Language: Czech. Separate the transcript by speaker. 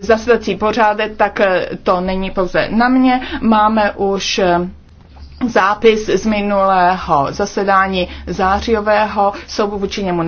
Speaker 1: zasedací pořádek, tak eh, to není pouze na mě. Máme už eh, zápis z minulého zasedání zářijového,
Speaker 2: jsou vůči němu